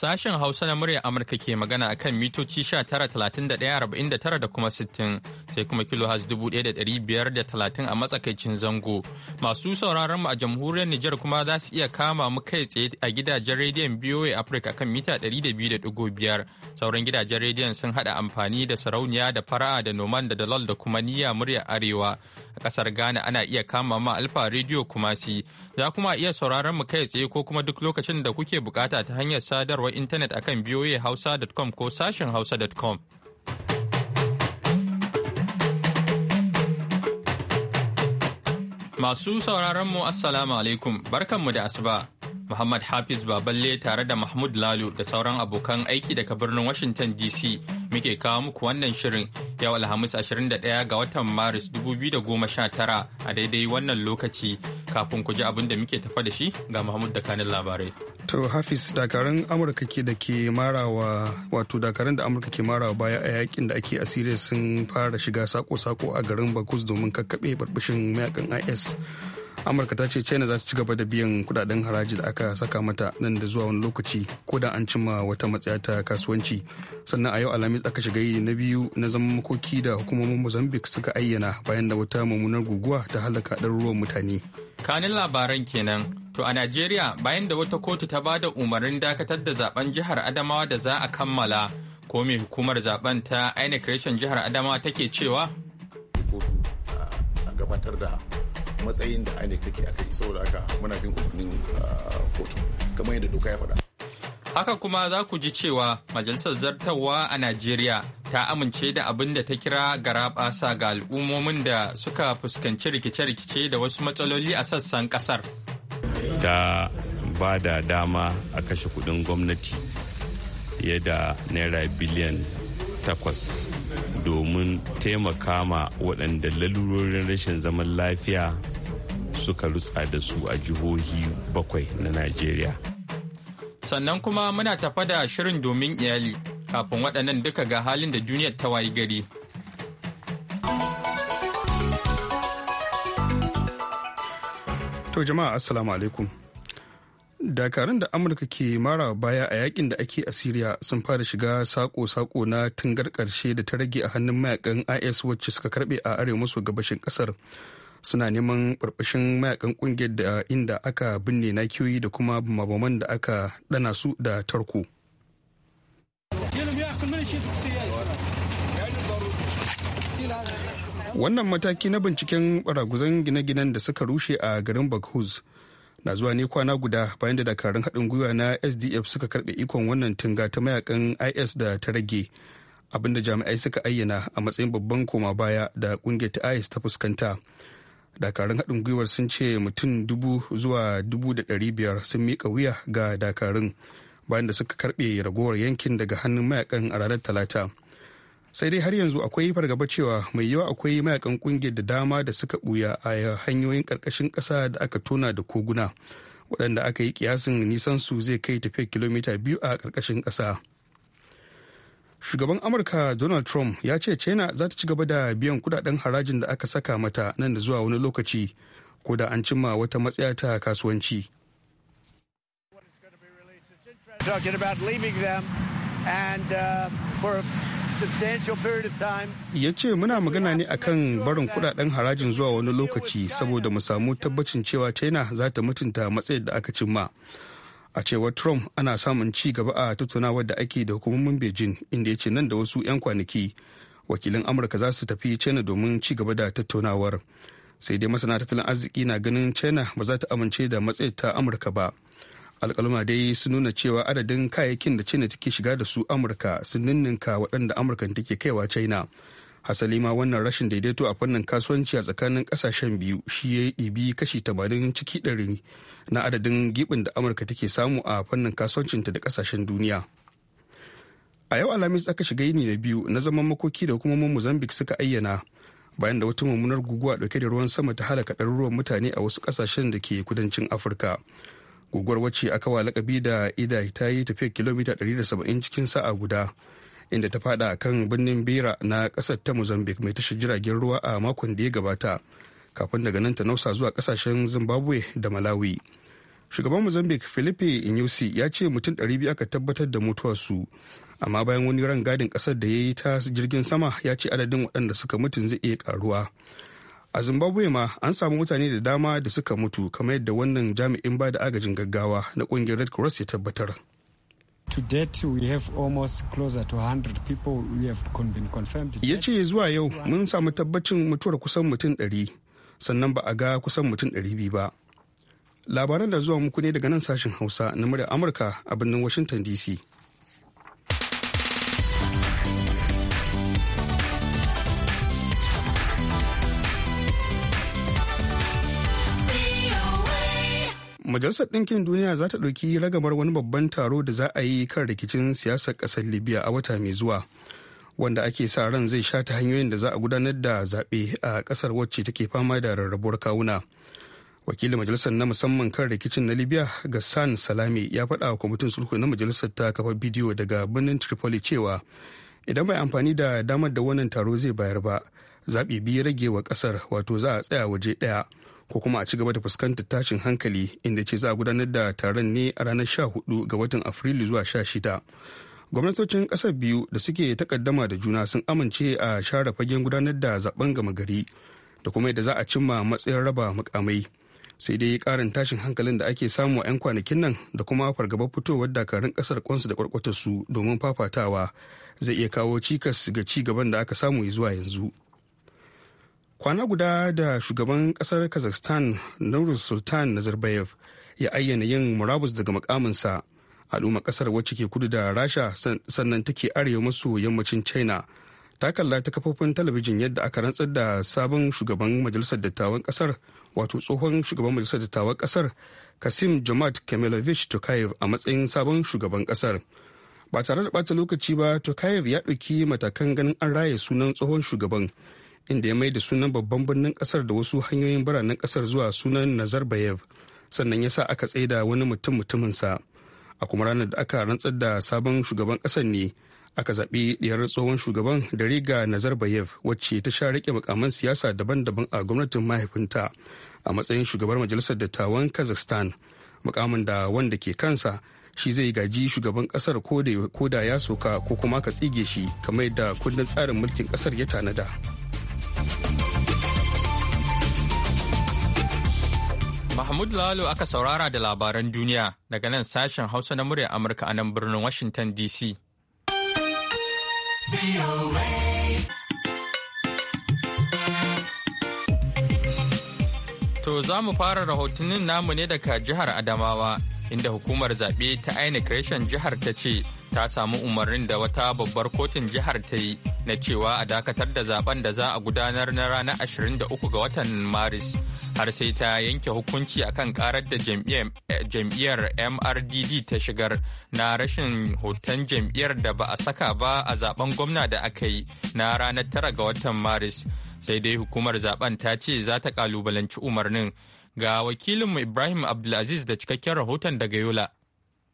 Sashen Hausa na murya Amurka ke magana a kan mitoci 1931 da kuma 60 sai kuma dubu da 1,530 a matsakaicin zango. Masu sauraron mu a jamhuriyar Nijar kuma za su iya kama mu kai tsaye a gidajen rediyon BOA Africa kan mita da 200.5 sauran gidajen rediyon sun haɗa amfani da sarauniya da fara'a da noman da dalol da kuma niyya murya arewa. A kasar Ghana ana iya kama ma Alfa Radio Kumasi. Za kuma iya sauraron mu kai tsaye ko kuma duk lokacin da kuke bukata ta hanyar sadarwa sadarwar intanet akan hausa.com ko sashen hausa.com. Masu sauraron mu Assalamu alaikum barkanmu da asuba. Muhammad Hafiz Baballe tare da Mahmud Lalu da sauran abokan aiki daga birnin Washington DC muke kawo muku wannan shirin yau Alhamis 21 ga watan Maris 2019 a daidai wannan lokaci kafin ku ji abin da muke tafa da shi ga Mahmud da kanin labarai. to hafiz dakarun amurka ke da ke marawa wato dakarun da amurka ke marawa baya a yakin da ake asiri sun fara shiga sako-sako a garin bakus domin kakkaɓe barbashin mayakan is amurka ta ce china za su ci gaba da biyan kudaden haraji da aka saka mata nan da zuwa wani lokaci ko da an cimma wata matsaya ta kasuwanci sannan a yau alhamis aka shiga yi na biyu na zaman makoki da hukumomin mozambique suka ayyana bayan da wata mummunar guguwa ta halaka ɗaruruwan mutane kanin labaran kenan to a najeriya bayan da wata kotu ta ba da umarnin dakatar da zaben jihar adamawa da za a kammala ko me hukumar zaben ta inec reshen jihar adamawa take cewa kotu matsayin da INEC take a kai saboda haka muna bin umarnin ah, kotu kamar yadda doka ya faɗa. Haka kuma za ku ji cewa Majalisar zartawa a Najeriya ta amince da abin da ta kira garaɓasa ga al'ummomin da suka fuskanci rikice-rikice da wasu matsaloli a sassan ƙasar. Ta ba da dama a kashe kuɗin gwamnati fiye da naira biliyan takwas domin taimaka ma waɗanda lalurorin rashin zaman lafiya suka rutsa da su a jihohi bakwai na Najeriya. Sannan kuma muna tafa da shirin domin iyali kafin waɗannan duka ga halin da duniyar ta wayi gari. To jama'a Assalamu alaikum. dakarun da amurka ke mara baya a yakin da ake a syria sun fara shiga sako-sako na tungar karshe da ta rage a hannun mayakan is wacce suka karbe a arewa maso gabashin kasar suna neman barbashin mayakan kungiyar da inda aka binne na nakiyoyi da kuma mabaman da aka dana su da tarko wannan mataki na binciken baraguzan gine-ginen da suka rushe a garin baghuz na zuwa ne kwana guda bayan da dakarun haɗin gwiwa na sdf suka karɓe ikon wannan tunga ta mayakan is da ta rage abinda jami'ai suka ayyana a matsayin babban koma baya da ƙungiyar ta is ta fuskanta dakarun haɗin gwiwar sun ce mutum dubu zuwa dubu da ɗari biyar sun miƙa wuya ga dakarun bayan da suka karɓe ragowar yankin daga hannun mayakan a ranar talata sai dai har yanzu akwai fargaba cewa mai yawa akwai mayakan kungiyar da dama da suka buya a hanyoyin karkashin kasa da aka tona da koguna waɗanda aka yi kiyasin nisan su zai kai tafiya kilomita biyu a karkashin kasa shugaban amurka donald trump ya ce china za ta ci gaba da biyan kudaden harajin da aka saka mata nan da zuwa wani lokaci ko da an cimma wata matsaya ta kasuwanci and uh, for ya ce muna magana ne akan barin kudaden harajin zuwa wani lokaci saboda mu samu tabbacin cewa china za ta mutunta matsayin da aka cimma a cewar trump ana samun ci gaba a tattaunawar da ake da hukumomin beijing inda ya ce nan da wasu 'yan kwanaki wakilin amurka za su tafi china domin ci gaba da tattaunawar sai dai masana tattalin arziki na ganin china ba za ta amince da matsayin ta amurka ba. alkaluma dai sun nuna cewa adadin kayayyakin da china take shiga da su amurka sun ninninka waɗanda amurka take kaiwa china hasali ma wannan rashin daidaito a fannin kasuwanci a tsakanin kasashen biyu shi ya yi ɗibi kashi tamanin ciki ɗari na adadin gibin da amurka take samu a fannin kasuwancinta da kasashen duniya a yau alhamis aka shiga yini na biyu na zaman makoki da hukumomin mozambique suka ayyana bayan da wata mummunar guguwa ɗauke da ruwan sama ta halaka ɗaruruwan mutane a wasu kasashen da ke kudancin afirka guguwar wacce aka wa lakabi da ida ta yi tafiyar kilomita 170 cikin sa'a guda inda ta fada kan birnin bera na kasar ta mozambique mai tashar jiragen ruwa a makon da ya gabata kafin daga nan ta nausa zuwa kasashen zimbabwe da malawi shugaban mozambique philippe inyusi ya ce mutum 200 aka tabbatar da mutuwarsu amma bayan wani ran gadin kasar da ya yi ta jirgin sama ya ce adadin waɗanda suka mutum zai iya karuwa a zimbabwe ma an samu mutane da dama da suka mutu kamar yadda wannan jami'in ba da agajin gaggawa na kungiyar red cross ya tabbatar Ya ce zuwa yau mun samu tabbacin mutuwar kusan mutum 100 sannan ba a ga kusan mutum 200 ba. Labaran da zuwa muku ne daga nan sashen Hausa na murya Amurka a birnin Washington DC. majalisar ɗinkin duniya za ta ɗauki ragamar wani babban taro da za a yi kan rikicin siyasar ƙasar libya a wata mai zuwa wanda ake sa ran zai sha ta hanyoyin da za a gudanar da zaɓe a ƙasar wacce take fama da rarrabuwar kawuna wakilin majalisar na musamman kan rikicin na libya san salami ya faɗa wa kwamitin sulhu na majalisar ta kafa bidiyo daga birnin tripoli cewa idan bai amfani da damar da wannan taro zai bayar ba zaɓe biyu rage wa ƙasar wato za a tsaya waje ɗaya ko kuma a ci gaba da fuskantar tashin hankali inda ce za a gudanar da taron ne a ranar 14 ga watan afrilu zuwa 16 gwamnatocin kasar biyu da suke takaddama da juna sun amince a share fagen gudanar da zaben gama gari da kuma yadda za a cimma matsayin raba mukamai sai dai karin tashin hankalin da ake samu a 'yan kwanakin nan da kuma fargabar fitowar dakarun kasar kwansu da kwarkwatarsu domin fafatawa zai iya kawo cikas ga ci gaban da aka samu zuwa yanzu. kwana guda da shugaban kasar kazakhstan nauruz sultan nazarbayev ya ayyana yin murabus daga makaminsa al'umma kasar wacce ke kudu da rasha sannan take arewa maso yammacin china ta kalla ta kafofin talabijin yadda aka rantsar da sabon shugaban majalisar dattawan kasar wato tsohon shugaban majalisar dattawan kasar kasim jamat kamilovich tokayev a matsayin sabon shugaban kasar ba tare da bata lokaci ba tokayev ya ɗauki matakan ganin an raye sunan tsohon shugaban inda ya mai da sunan babban birnin kasar da wasu hanyoyin biranen kasar zuwa sunan nazarbayev sannan ya sa aka tsaida wani mutum mutuminsa a kuma ranar da aka rantsar da sabon shugaban kasar ne aka zaɓi ɗiyar tsohon shugaban da riga nazarbayev wacce ta sha rike makaman siyasa daban-daban a gwamnatin mahaifinta a matsayin shugabar majalisar dattawan kazakhstan mukamin da wanda ke kansa shi zai gaji shugaban kasar ko da ya soka ko kuma ka tsige shi kamar da kundin tsarin mulkin kasar ya tanada. Mahmud Lalo aka saurara da labaran duniya daga nan sashen Hausa na murya Amurka a nan birnin Washington DC. To za mu fara rahotannin namu ne daga jihar Adamawa inda hukumar zaɓe ta INEC reshen jihar ta ce ta samu umarnin da wata babbar kotun jihar ta yi na cewa a dakatar da zaben da za a gudanar na ranar 23 ga watan maris har sai ta yanke hukunci akan karar da jam'iyyar eh, mrdd ta shigar na rashin hoton jam'iyyar da ba a saka ba a zaben gwamna da aka yi na ranar 9 ga watan maris sai dai hukumar zaben ta ce za ta kalubalanci umarnin ga wakilinmu ibrahim abdulaziz da cikakken rahoton daga yola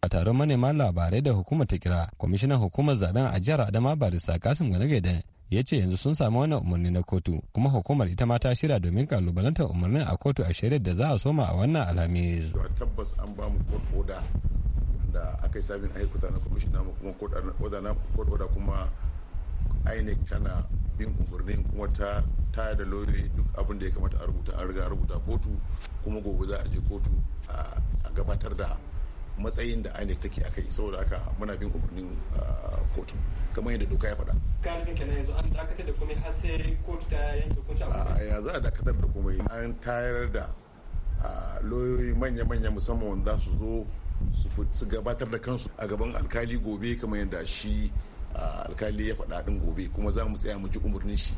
a taron manema labarai da hukumar ta kira kwamishinan hukumar zaben a jihar adama barista kasim ganagaidan ya ce yanzu sun samu wannan umarni na kotu kuma hukumar ita ma ta shirya domin kalubalantar umarnin a kotu a shirya da za a soma a wannan alhamis. tabbas an ba mu order da aka yi sabin aikuta na kwamishina kuma court inec tana bin umarnin kuma ta taya da lori duk abin da ya kamata a rubuta an riga rubuta kotu kuma gobe za a je kotu a gabatar da matsayin da INEC take a kai saboda haka muna bin umarnin kotu kamar yadda doka ya faɗa. Galibin kenan yanzu an dakatar da komai har sai kotu ta yanke hukunci a Ya za a dakatar da komai an tayar da lauyoyi manya-manya musamman wanda su zo su gabatar da kansu a gaban alkali gobe kamar yadda shi alkali ya faɗa ɗin gobe kuma za mu tsaya mu ji umarnin shi.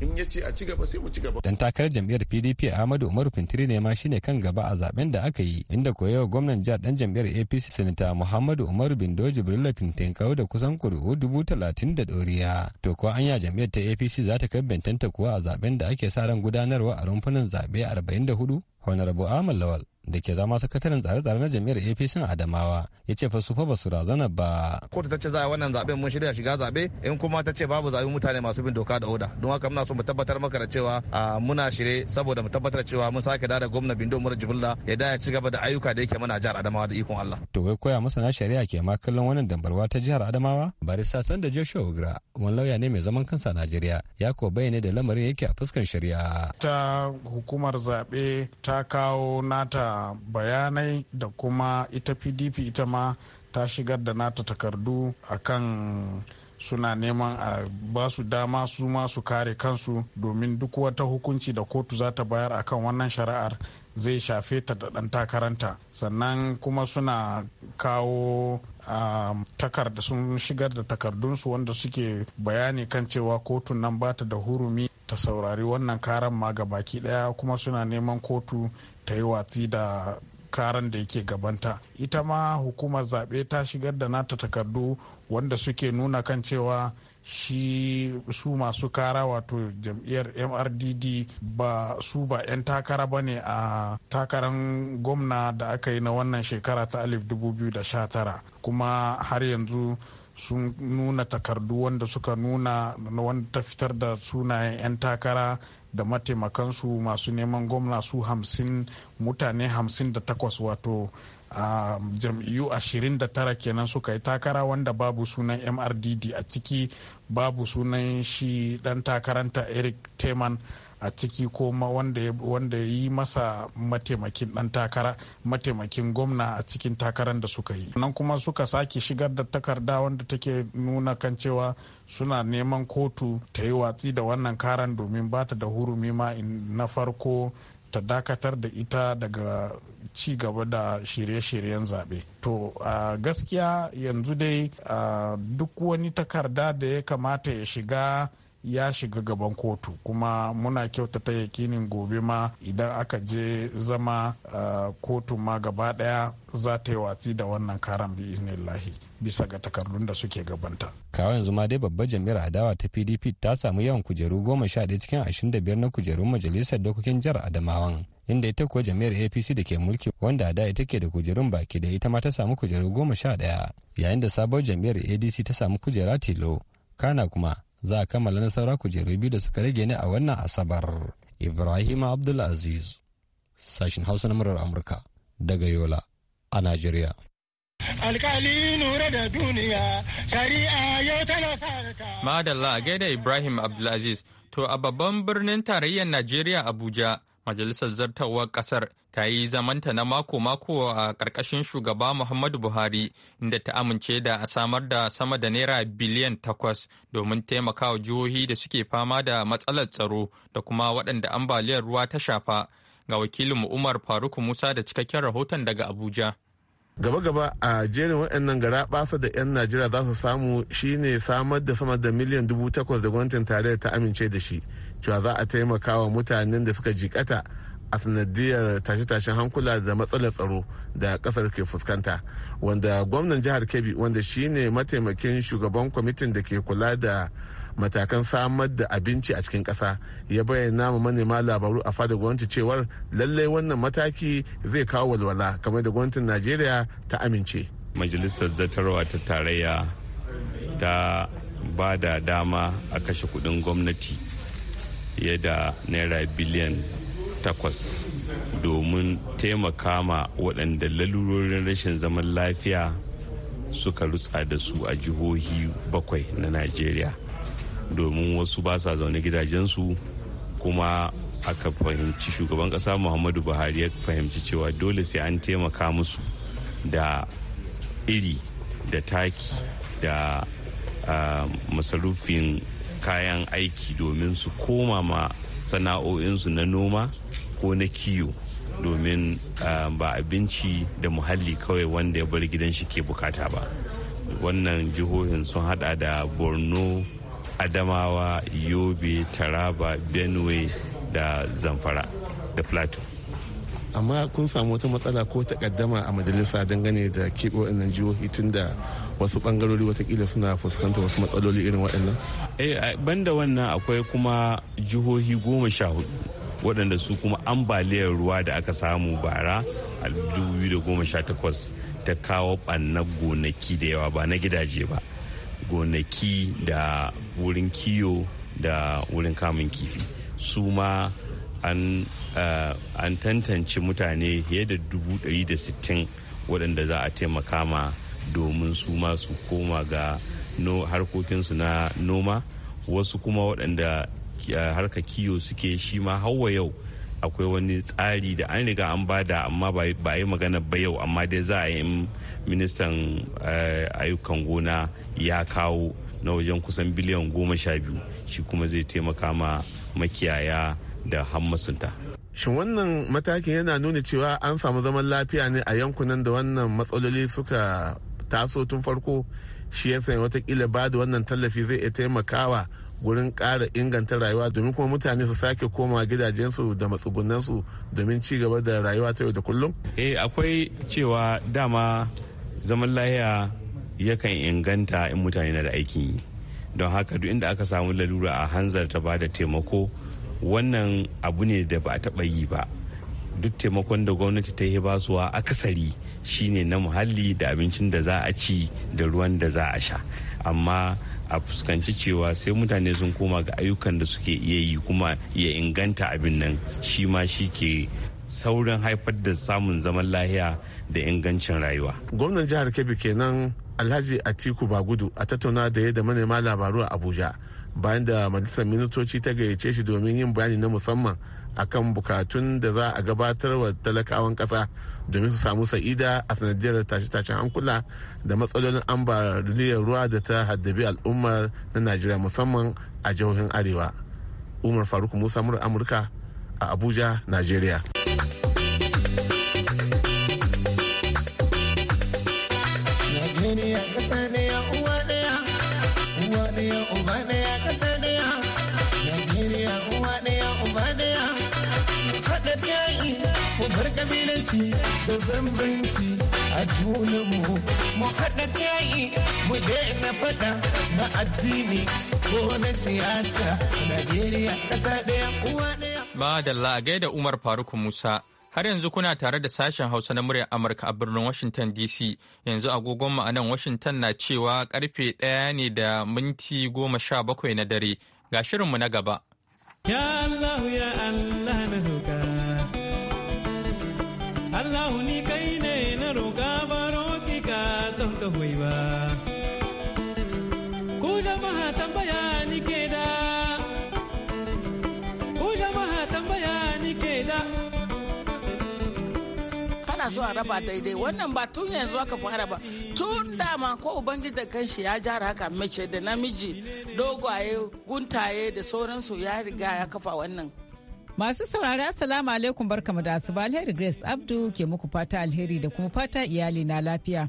in ya ce a ci gaba sai mu ci gaba. Dan takarar jam'iyyar PDP Ahmadu Umaru Fintiri ne ma shine kan gaba a zaben da aka yi inda koyawa gwamnan jihar dan jam'iyyar APC Sanata Muhammadu Umaru Bindo Jibrila kawo da kusan kuri'u dubu talatin da ɗoriya. To ko anya jam'iyyar ta APC za ta kai bentanta kuwa a zaben da ake sa ran gudanarwa a rumfunan zaɓe arba'in da hudu? Honorable Ahmad Lawal da ke zama sakataren tsare-tsare na jam'iyyar apc adamawa ya ce fa fa basu razana ba kotu ta ce za a wannan zaɓe mun shirya shiga zaɓe in kuma ta ce babu zaɓen mutane masu bin doka da oda don haka muna so mu tabbatar maka da cewa muna shirye saboda mu tabbatar cewa mun sake da gwamna bindo umar jibrila ya da ya ci gaba da ayyuka da yake mana jihar adamawa da ikon allah to wai koya masana shari'a ke ma kallon wannan dambarwa ta jihar adamawa barista sanda joshua ugra wani lauya ne mai zaman kansa a najeriya ya ko bayyana da lamarin yake a fuskan shari'a ta hukumar zaɓe ta kawo nata bayanai da kuma ita pdp ita ma ta shigar da nata takardu a kan suna neman a ba su dama su ma su kare kansu domin duk wata hukunci da kotu za ta bayar akan wannan shari'ar zai shafe ta da ɗan takaranta sannan kuma suna kawo takarda sun shigar da takardunsu wanda suke bayani kan cewa kotun nan ba ta da hurumi ta saurari wannan karan ma ga baki daya kuma suna neman kotu ta yi watsi da karan da yake gabanta ita ma hukumar zaɓe ta shigar da nata takardu wanda suke nuna kan cewa shi su masu kara wato jam'iyyar mrdd ba su ba 'yan takara ba ne a takarar gwamna da aka yi na wannan shekara ta 2019 kuma har yanzu sun nuna takardu wanda suka nuna wanda ta fitar da sunayen 'yan takara da mataimakansu masu neman gwamna su hamsin mutane hamsin da takwas wato a jam'iyyu ashirin da tara kenan suka yi takara wanda babu sunan mrdd a ciki babu sunan shi dan takaranta eric teman a ciki ko wanda ya yi masa mataimakin dan takara mataimakin gwamna a cikin takarar da suka yi nan kuma suka sake shigar da takarda wanda take nuna kan cewa suna neman kotu ta yi watsi da wannan karan domin ba ta da hurumi ma na farko ta dakatar da ita daga ci gaba da shirye-shiryen zaɓe. To a gaskiya yanzu dai duk wani takarda da ya kamata ya shiga ya shiga gaban kotu kuma muna kyautata yakinin gobe ma idan aka je zama eh, kotu ma gaba daya za ta yi watsi da wannan karan bi iznillahi bisa ga takardun da suke gabanta. kawo yanzu ma dai babbar jami'ar adawa ta pdp ta samu yawan kujeru goma sha ɗaya cikin ashirin da biyar na kujerun majalisar dokokin jihar adamawan inda ita kuwa jami'ar apc da ke mulki wanda da ita ke da kujerun baki da ita ma ta samu kujeru goma sha ɗaya yayin da sabon jami'ar adc ta samu kujera tilo kana kuma za a kammala na kujeru biyu da suka rage ne a wannan asabar ibrahim abdulaziz sashen hausa na murar amurka daga yola a najeriya alkali nura da madalla a gaida ibrahim abdulaziz to a babban birnin tarayyar najeriya abuja Majalisar Zartawar Ƙasar ta yi zamanta na mako-mako a ƙarƙashin shugaba Muhammadu Buhari inda ta amince da a samar da sama da naira biliyan takwas domin taimakawa jihohi da suke fama da matsalar tsaro da kuma waɗanda ambaliyar ruwa ta shafa. Ga wakilin Umar Faruk Musa da cikakken rahoton daga Abuja. gaba-gaba a jerin waɗannan gara basa da 'yan najeriya za su samu shine samar da sama da miliyan dubu takwas da gwamnatin tarayyar ta amince da shi cewa za a taimaka wa mutanen da suka jikata a sanadiyar tashe-tashen hankula da matsalar tsaro da kasar ke fuskanta wanda gwamnan jihar kebbi wanda shine mataimakin shugaban kwamitin da ke kula da matakan samar da abinci a cikin ƙasa ya bayyana ma manema labaru a fadar gwamnati cewar lallai wannan mataki zai kawo walwala kamar da gwamnatin najeriya ta amince majalisar zartarwa ta tarayya ta ba da dama a kashe kudin gwamnati fiye da naira biliyan takwas domin taimaka ma waɗanda lalurorin rashin zaman lafiya suka rutsa da su a jihohi bakwai na najeriya domin wasu ba sa zaune gidajensu kuma aka fahimci shugaban kasa muhammadu buhari ya fahimci cewa dole sai an taimaka musu da iri da taki da ah, masarufin kayan aiki domin su koma ma sana'o'insu na noma ko na kiyo domin ah, ba abinci da muhalli kawai wanda ya bar gidan shi ke bukata ba wannan jihohin sun hada da borno adamawa yobe taraba benue da zamfara da plateau amma kun samu wata matsala ko ta kaddama a majalisa dangane da keɓe waɗannan jihohi tun da wasu ɓangarori watakila suna fuskantar wasu matsaloli irin waɗannan? eh banda wannan akwai kuma jihohi goma sha hudu waɗanda su kuma ambaliyar ruwa da aka samu bara a 2018 ta kawo ɓanna gonaki da yawa ba na gidaje ba gonaki da wurin kiyo da wurin kamun kifi su ma an uh, tantance mutane fiye da sittin waɗanda za a taimaka ma domin su ma su koma ga harkokinsu na noma wasu kuma waɗanda uh, harka kiyo suke shi ma hawa yau akwai wani tsari da an riga an bada amma ba yi magana ba yau amma dai za a yi ministan uh, ayyukan gona ya kawo na wajen kusan biliyan goma sha biyu shi kuma zai taimaka ma makiyaya da hammasunta. Shin wannan matakin yana nuna cewa an samu zaman lafiya ne a yankunan da wannan matsaloli suka taso tun farko shi ya sanya watakila ba da wannan tallafi zai iya taimakawa wurin ƙara inganta rayuwa domin kuma mutane su sake koma gidajensu da matsugunansu domin ci gaba da rayuwa ta yau da kullum? Eh akwai cewa dama zaman lahiya yakan inganta in mutane na da aikin yi don haka duk inda aka samu lalura a hanzar ta bada taimako wannan abu ne da ba a taɓa yi ba duk taimakon da gwamnati ta yi basuwa akasari shine na muhalli da abincin da za a ci da ruwan da za a sha amma a fuskanci cewa sai mutane sun koma ga ayyukan da suke iya yi kuma ya inganta abin nan shi ma shi ke saurin haifar da samun zaman lahiya da ingancin rayuwa gwamnan jihar kebbi kenan alhaji atiku bagudu a tattauna da ya da manema labaru a abuja bayan da majalisar ministoci ta gayyace shi domin yin bayani na musamman akan bukatun da za a gabatar wa talakawan kasa domin su samu sa'ida a sanadiyar tashe-tashen hankula da matsalolin ambaliyar ruwa da ta haddabi al'ummar na najeriya musamman a jihohin arewa umar faruk musa mura amurka a abuja najeriya bambanci da bambanci a junanmu mu haɗa kai mu daina faɗa na addini ko na siyasa Najeriya ƙasa ɗaya uwa ɗaya. Madalla a gaida Umar Faruk Musa Har yanzu kuna tare da sashen Hausa na muryar Amurka a birnin Washington DC. Yanzu agogon a nan Washington na cewa karfe ɗaya ne da minti goma sha bakwai na dare. Ga shirinmu na gaba. Ya Allah ya Allah. Allah ni kai ne na roƙa baro ki ka don ka hoyi ba. Ku jama'a tambaya ni ke da, ku jama'a tambaya ni ke da. Kana so a raba daidai wannan ba tun yanzu aka fara ba tun dama ko ubangiji da kanshi ya jara haka mace da namiji dogwaye guntaye da sauransu ya riga ya kafa wannan Masu saurara salamu alaikum barkamu da asuba alheri Grace Abdu ke muku fata alheri da kuma fata iyali na lafiya.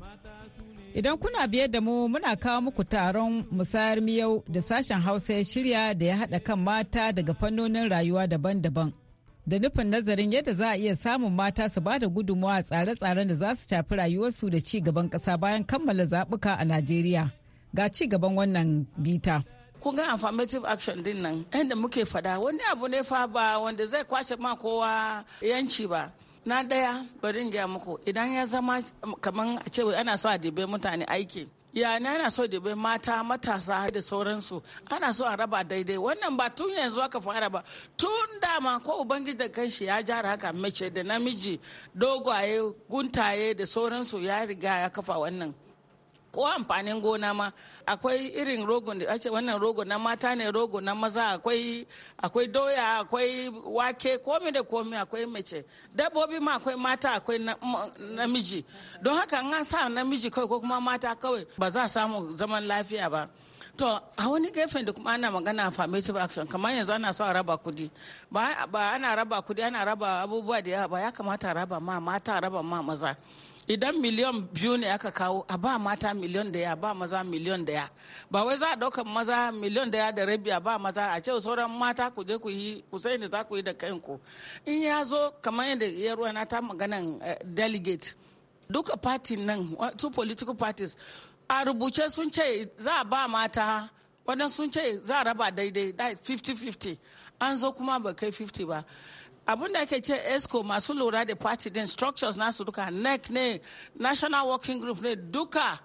Idan kuna biye da mu muna kawo muku taron musayar miyau da sashen Hausa ya shirya da ya haɗa kan mata daga fannonin rayuwa daban-daban. Da nufin nazarin yadda za a iya samun mata su ba da gudunmawa tsare-tsaren da za su tafi rayuwarsu da ci gaban ƙasa bayan kammala zaɓuka a Najeriya. Ga ci gaban wannan bita. kun ga affirmative action din nan yadda muke fada wani abu ne fa ba wanda zai kwace ma kowa yanci ba na daya bari in gaya muku idan ya zama kaman a ce ana so a dibe mutane aiki ya ne ana so dibe mata matasa da sauransu ana so a raba daidai wannan ba tun yanzu aka fara ba tun dama ko ubangiji da kanshi ya jara haka mace da namiji dogwaye guntaye da sauransu ya riga ya kafa wannan ko amfanin gona ma akwai irin rogo da wannan rogo na mata ne rogo na maza akwai akwai doya akwai wake komi da komi akwai mace dabbobi ma akwai mata akwai namiji don haka an sa namiji kawai ko kuma mata kawai ba za a samu zaman lafiya ba to a wani gefen da kuma ana magana affirmative action kamar yanzu ana so a raba kudi ba ana raba kudi ana raba abubuwa da yawa ba ya kamata a raba ma mata raba ma maza idan miliyan biyu ne aka kawo a ba mata miliyan daya ba maza miliyan daya ba wai za a ɗaukan maza miliyan daya da rabi a ba maza a ce sauran mata ku je ku yi ku sai za ku yi da kanku in ya zo kamar yadda ya ruwana ta maganan eh, delegate duka party nan two political parties a rubuce sun ce za a ba mata wadannan sun ce za a raba daidai 50-50 an zo kuma ba kai 50 ba abin da ake ce esco masu lura da party din structures nasu duka nec ne national working group ne duka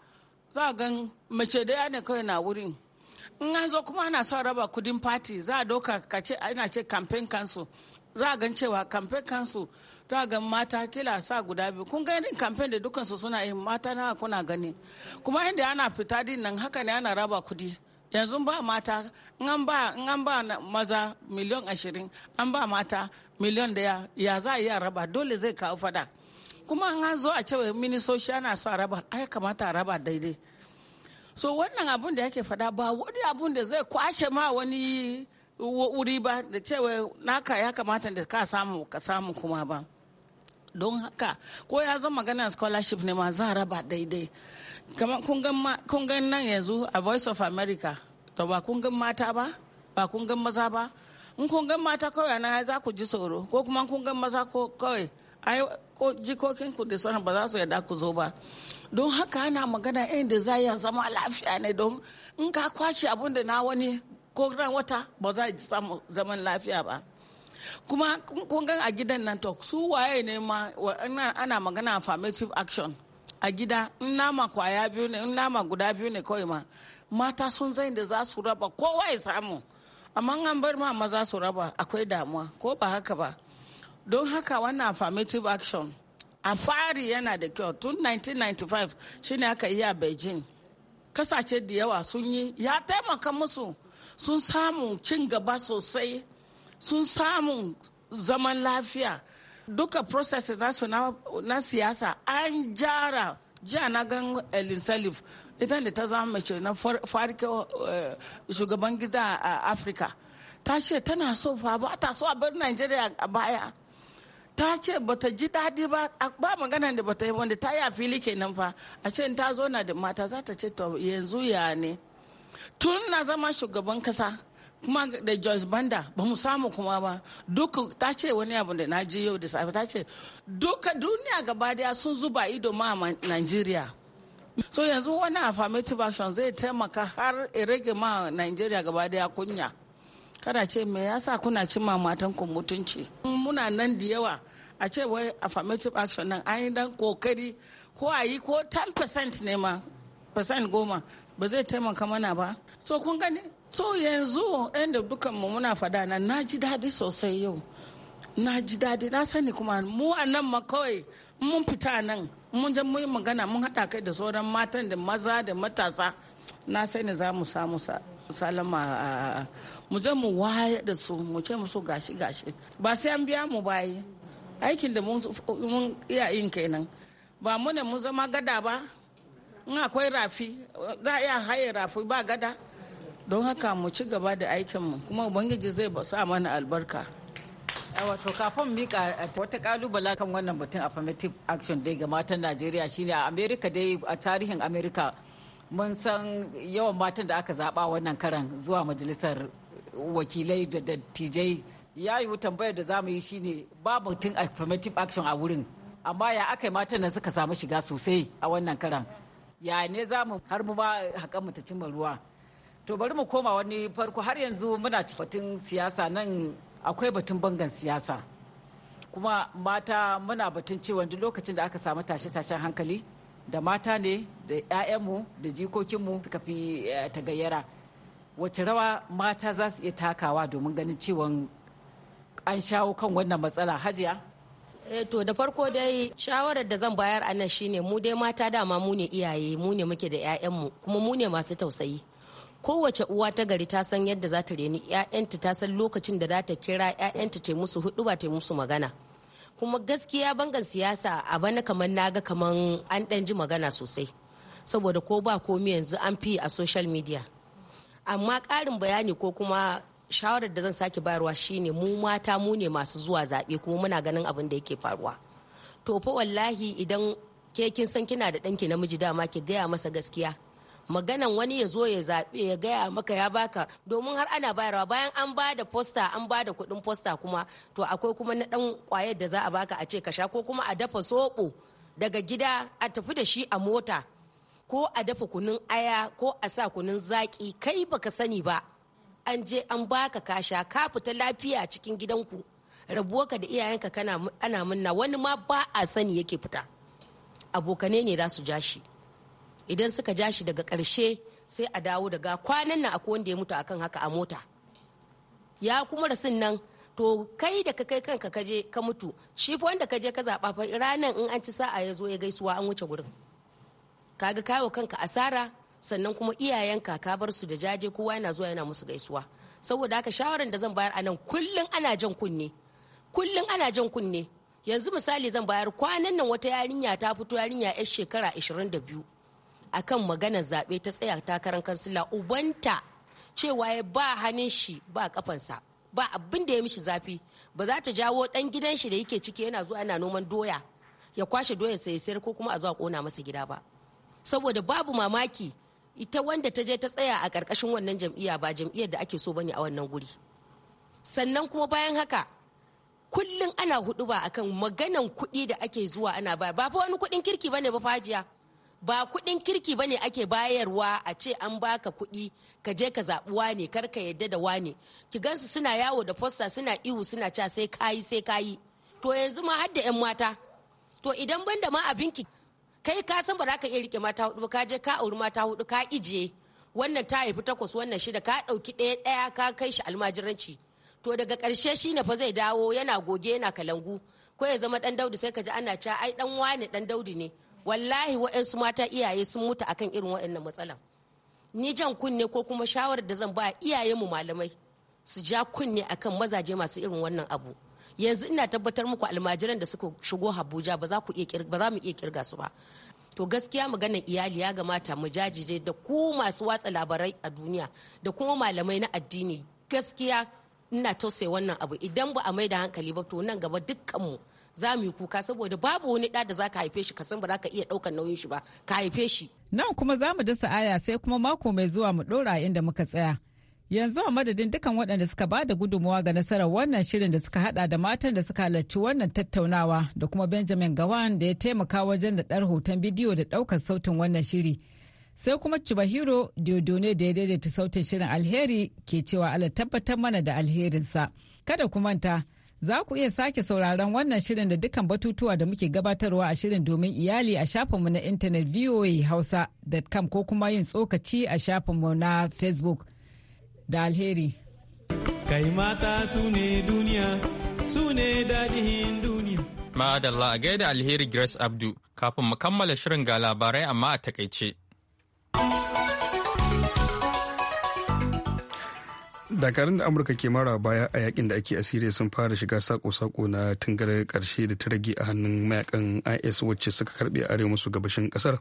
za a gan mace daya ne kawai na wurin in an zo kuma ana son raba kudin party za a doka ka ce ana ce campaign council za a gan cewa campaign council za a gan mata kila sa guda biyu kun ga irin campaign da dukansu suna yin mata na kuna gani kuma inda ana fita din nan haka ne ana raba kudi yanzu ba mata in an ba maza miliyan ashirin an ba mata miliyan daya ya za a iya raba dole zai kawo fada kuma an an zo a cewa minisoshi ana so a raba ai kamata a raba daidai so wannan abun da yake fada ba wani abun da zai kwashe ma wani wuri ba da cewa naka ya kamata da ka samu ka samu kuma ba don haka ko ya zo magana scholarship ne ma za a raba daidai kamar kun gan nan yanzu a voice of america to ba kun gan mata ba ba kun gan maza ba in kun gan mata kawai na za ku ji tsoro ko kuma kun gan maza kawai ai jikokin ku da sauran ba za su yarda ku zo ba don haka ana magana da za ya zama lafiya ne don in ka kwace abun da na wani ko ran wata ba za a samu zaman lafiya ba kuma kun gan a gidan nan to su waye ne ma ana magana affirmative action a gida in nama kwaya biyu ne in nama guda biyu ne kawai ma mata sun zai da za su raba kowa ya samu amma an bar ma maza su raba akwai damuwa ko ba haka ba don haka wannan affirmative action a fari yana da kyau tun 1995 shine aka yi a beijing kasashe da yawa sun yi ya taimaka musu sun samu cin gaba sosai sun samu zaman lafiya duka process nasu na siyasa an jara jiya na gan elin salif ita da ta zama mace na farke eh, shugaban gida a afirka ta ce tana so fa ba ta so a bar nigeria a baya ta ce ba ta ji daɗi ba ba magana da ta yi wanda ta yi a fili kenan fa a ce ta zo na da mata za ta ce to yanzu ya ne tun na zama shugaban kasa kuma da Joyce Banda ba mu samu kuma ba duka ta ce wani abu da na yau da safe ta ce duka duniya gaba daya sun zuba ido ma a Najeriya so yanzu wani affirmative action zai taimaka har rage ma Najeriya gaba daya kunya kada ce me yasa kuna cimma matan ku mutunci muna nan da yawa a ce wai affirmative action nan an yi dan kokari ko a yi ko 10% ne ma percent goma ba zai taimaka mana ba so kun gani so yanzu yadda mu muna fada nan na ji daɗi sosai yau na ji daɗi na sani kuma mu a nan ma kawai mun fita nan mun je mun yi magana mun haɗa kai da sauran matan da maza da matasa na sani za mu samu salama mu je mu waye da su mu ce musu gashi gashi ba sai an biya mu bayi aikin da mun iya yin kenan ba mu ne mun zama gada ba in akwai rafi za a iya haye rafi ba gada don haka mu ci gaba da aikinmu kuma ubangiji zai sa mana albarka wato kafin mika wata kalubala kan wannan batun affirmative action dai ga matan najeriya shine a america dai a tarihin america mun san yawan matan da aka zaba wannan karan zuwa majalisar wakilai da dattijai ya yiwu tambayar da zamu yi shine ba batun affirmative action a wurin amma ya aka yi matan nan suka samu shiga sosai a wannan karan ya ne zamu mu har mu ba hakan mu ta cimma ruwa To bari mu koma wani farko har yanzu muna ci batun siyasa nan akwai batun bangan siyasa. Kuma mata muna batun cewa duk lokacin da aka samu tashe-tashen hankali da mata ne da 'ya'yanmu da jikokinmu suka fi eh, tagayyara. Wace rawa mata za su iya takawa domin ganin cewa an shawo kan wannan matsala hajiya? Eh, to da farko dai shawarar da zan bayar a nan shine mu dai mata dama mu ne iyaye mu ne muke da 'ya'yanmu kuma mu ne masu tausayi kowace uwa ta gari ta san yadda za ta reni 'ya'yanta ta san lokacin da za ta kira 'ya'yanta ta musu hudu ba ta musu magana kuma gaskiya bangan siyasa a bana kamar ga kamar an dan ji magana sosai saboda ko ba komi yanzu an fi a social media amma karin bayani ko kuma shawarar da zan sake bayarwa shine mu mata mu ne masu zuwa zaɓe kuma muna ganin abin da yake faruwa to fa wallahi idan ke kin san kina da ɗanki namiji dama ki gaya masa gaskiya maganan wani ya zo ya zaɓe ya gaya maka ya baka domin har ana bayarwa bayan an ba da posta an ba da kuɗin posta kuma to akwai kuma na ɗan ƙwayar da za a baka a ce ka sha ko kuma a dafa soɓo daga gida a tafi da shi a mota ko a dafa kunun aya ko a sa kunun zaƙi kai baka sani ba an je an baka ka sha ka fita lafiya cikin gidanku ka da iyayenka kana ana munna wani ma ba a sani yake fita abokane ne za su ja shi idan suka ja shi daga karshe sai a dawo daga kwanan nan akwai wanda ya mutu akan haka a mota ya kuma rasin nan to kai da ka kai kanka ka je ka mutu shi fa wanda ka je ka zaba fa ranan in an ci sa'a ya zo ya gaisuwa an wuce gurin kaga kawo kanka asara sannan kuma iyayenka ka bar su da jaje kowa yana zuwa yana musu gaisuwa saboda haka shawaran da zan bayar anan kullun ana jan kunne kullun ana jan kunne yanzu misali zan bayar kwanan nan wata yarinya ta fito yarinya yar shekara 22 akan maganar zaɓe ta tsaya takarar kansila ubanta cewa ya ba hannun shi ba kafansa ba abin da ya mishi zafi ba za ta jawo dan gidan shi da yake ciki yana zuwa yana noman doya ya kwashe doya sai sayar ko kuma a zuwa kona masa gida ba saboda babu mamaki ita wanda ta je ta tsaya a ƙarƙashin wannan jam'iyya ba jam'iyyar da ake so bane a wannan guri sannan kuma bayan haka kullum ana hudu ba akan maganan kuɗi da ake zuwa ana ba ba fa wani kuɗin kirki bane ba fajiya ba kuɗin kirki bane ake bayarwa a ce an baka kuɗi ka je ka zaɓi wane kar ka yadda da wane ki gansu suna yawo da fosta suna ihu suna ca sai kayi sai kayi to yanzu ma har da yan mata to idan banda ma abinki kai ka san ba za ka iya rike mata hudu ka je ka auri mata hudu ka ijiye wannan ta haifi takwas wannan shida ka ɗauki ɗaya ɗaya ka kai shi almajiranci to daga karshe shi ne fa zai dawo yana goge yana kalangu ko ya zama ɗan daudu sai ka ji ana ca ai ɗan wane ɗan daudu ne wallahi waɗansu mata iyaye sun mutu akan irin waɗannan matsalan ni jan kunne ko kuma shawarar da zan ba mu malamai su ja kunne akan mazaje masu irin wannan abu yanzu ina tabbatar muku almajiran da suka shigo Habuja ba za ku ba za mu iya kirga su ba to gaskiya maganar iyali ya gamata mu jajije da ku masu watsa labarai a duniya da kuma malamai na addini gaskiya ina tausaya wannan abu idan ba a maida hankali ba to nan gaba dukkanmu za mu yi kuka saboda babu wani ɗa da za ka haife shi ka san ba za ka iya ɗaukar nauyin shi ba ka haife shi. Nan kuma za mu dasa aya sai kuma mako mai zuwa mu ɗora inda muka tsaya. Yanzu a madadin dukkan waɗanda suka ba da gudunmawa ga nasarar wannan shirin da suka hada da matan da suka halarci wannan tattaunawa da kuma Benjamin Gawan da ya taimaka wajen da ɗar hoton bidiyo da ɗaukar sautin wannan shiri. Sai kuma Chibahiro Diodone da ya daidaita sautin shirin alheri ke cewa Allah tabbatar mana da alherinsa. Kada ku manta. Za ku iya sake sauraron wannan shirin da dukkan batutuwa da muke gabatarwa a shirin domin iyali a shafinmu na intanet voahausa.com ko kuma yin tsokaci a shafinmu na Facebook da alheri. Kai mata su ne duniya, su ne daɗin duniya. Ma'adalla a gaida alheri Grace Abdu kafin mu kammala shirin ga labarai amma a takaice. dakarun da amurka ke mara baya a yakin da ake asiri sun fara shiga sako-sako na tungar karshe da ta rage a hannun mayakan is wacce suka karbe arewa masu gabashin kasar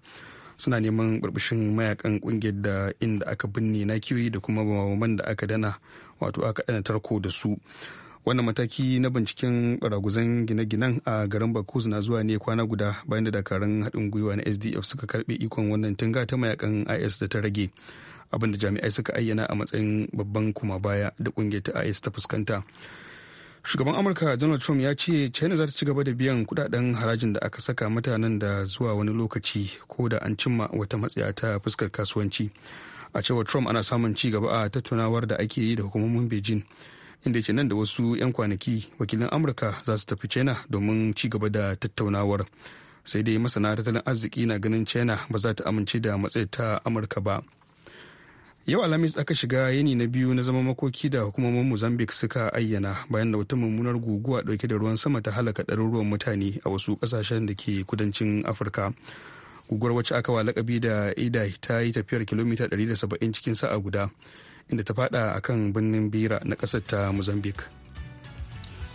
suna neman burbushin mayakan kungiyar da inda aka binne na kiwi da kuma bamaman da aka dana wato aka dana tarko da su wannan mataki na binciken baraguzan gine-ginen a garin bakus na zuwa ne kwana guda bayan da dakarun haɗin gwiwa na sdf suka karbe ikon wannan tunga ta mayakan is da ta rage abinda jami'ai suka ayyana a matsayin babban kuma baya da kungiyar ta is ta fuskanta shugaban amurka donald trump ya ce china za ta ci gaba da biyan kudaden harajin da aka saka mutanen da zuwa wani lokaci ko da an cimma wata matsaya ta fuskar kasuwanci a cewar trump ana samun ci gaba a tattaunawar da ake yi da hukumomin beijing inda ce nan da wasu 'yan kwanaki wakilin amurka za su tafi china domin ci gaba da tattaunawar sai dai masana tattalin arziki na ganin china ba za ta amince da matsayi ta amurka ba yau alhamis aka shiga yini na biyu na zama makoki da hukumomin mozambique suka ayyana bayan da wata mummunar guguwa dauke da ruwan sama ta halaka ɗaruruwan mutane a wasu ƙasashen da ke kudancin afirka guguwar wacce aka wa lakabi da idai ta yi tafiyar kilomita 170 cikin sa'a guda inda ta fada a kan birnin bira na ƙasar ta mozambique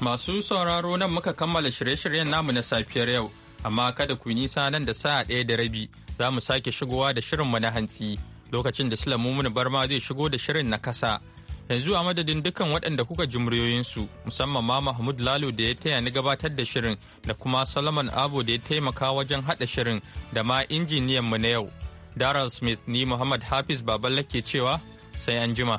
masu sauraro nan muka kammala shirye-shiryen namu na safiyar yau amma kada ku nisa nan da sa'a ɗaya da rabi za mu sake shigowa da shirinmu na hantsi lokacin da silamu barma zai shigo da shirin na kasa yanzu a madadin dukkan waɗanda kuka ji muryoyinsu musamman ma mahmud lalo da ya taya ni gabatar da shirin da kuma solomon abu da ya taimaka wajen haɗa shirin da ma injiniyan mu na yau daryl smith ni muhammad hafiz baballe ke cewa sai an jima.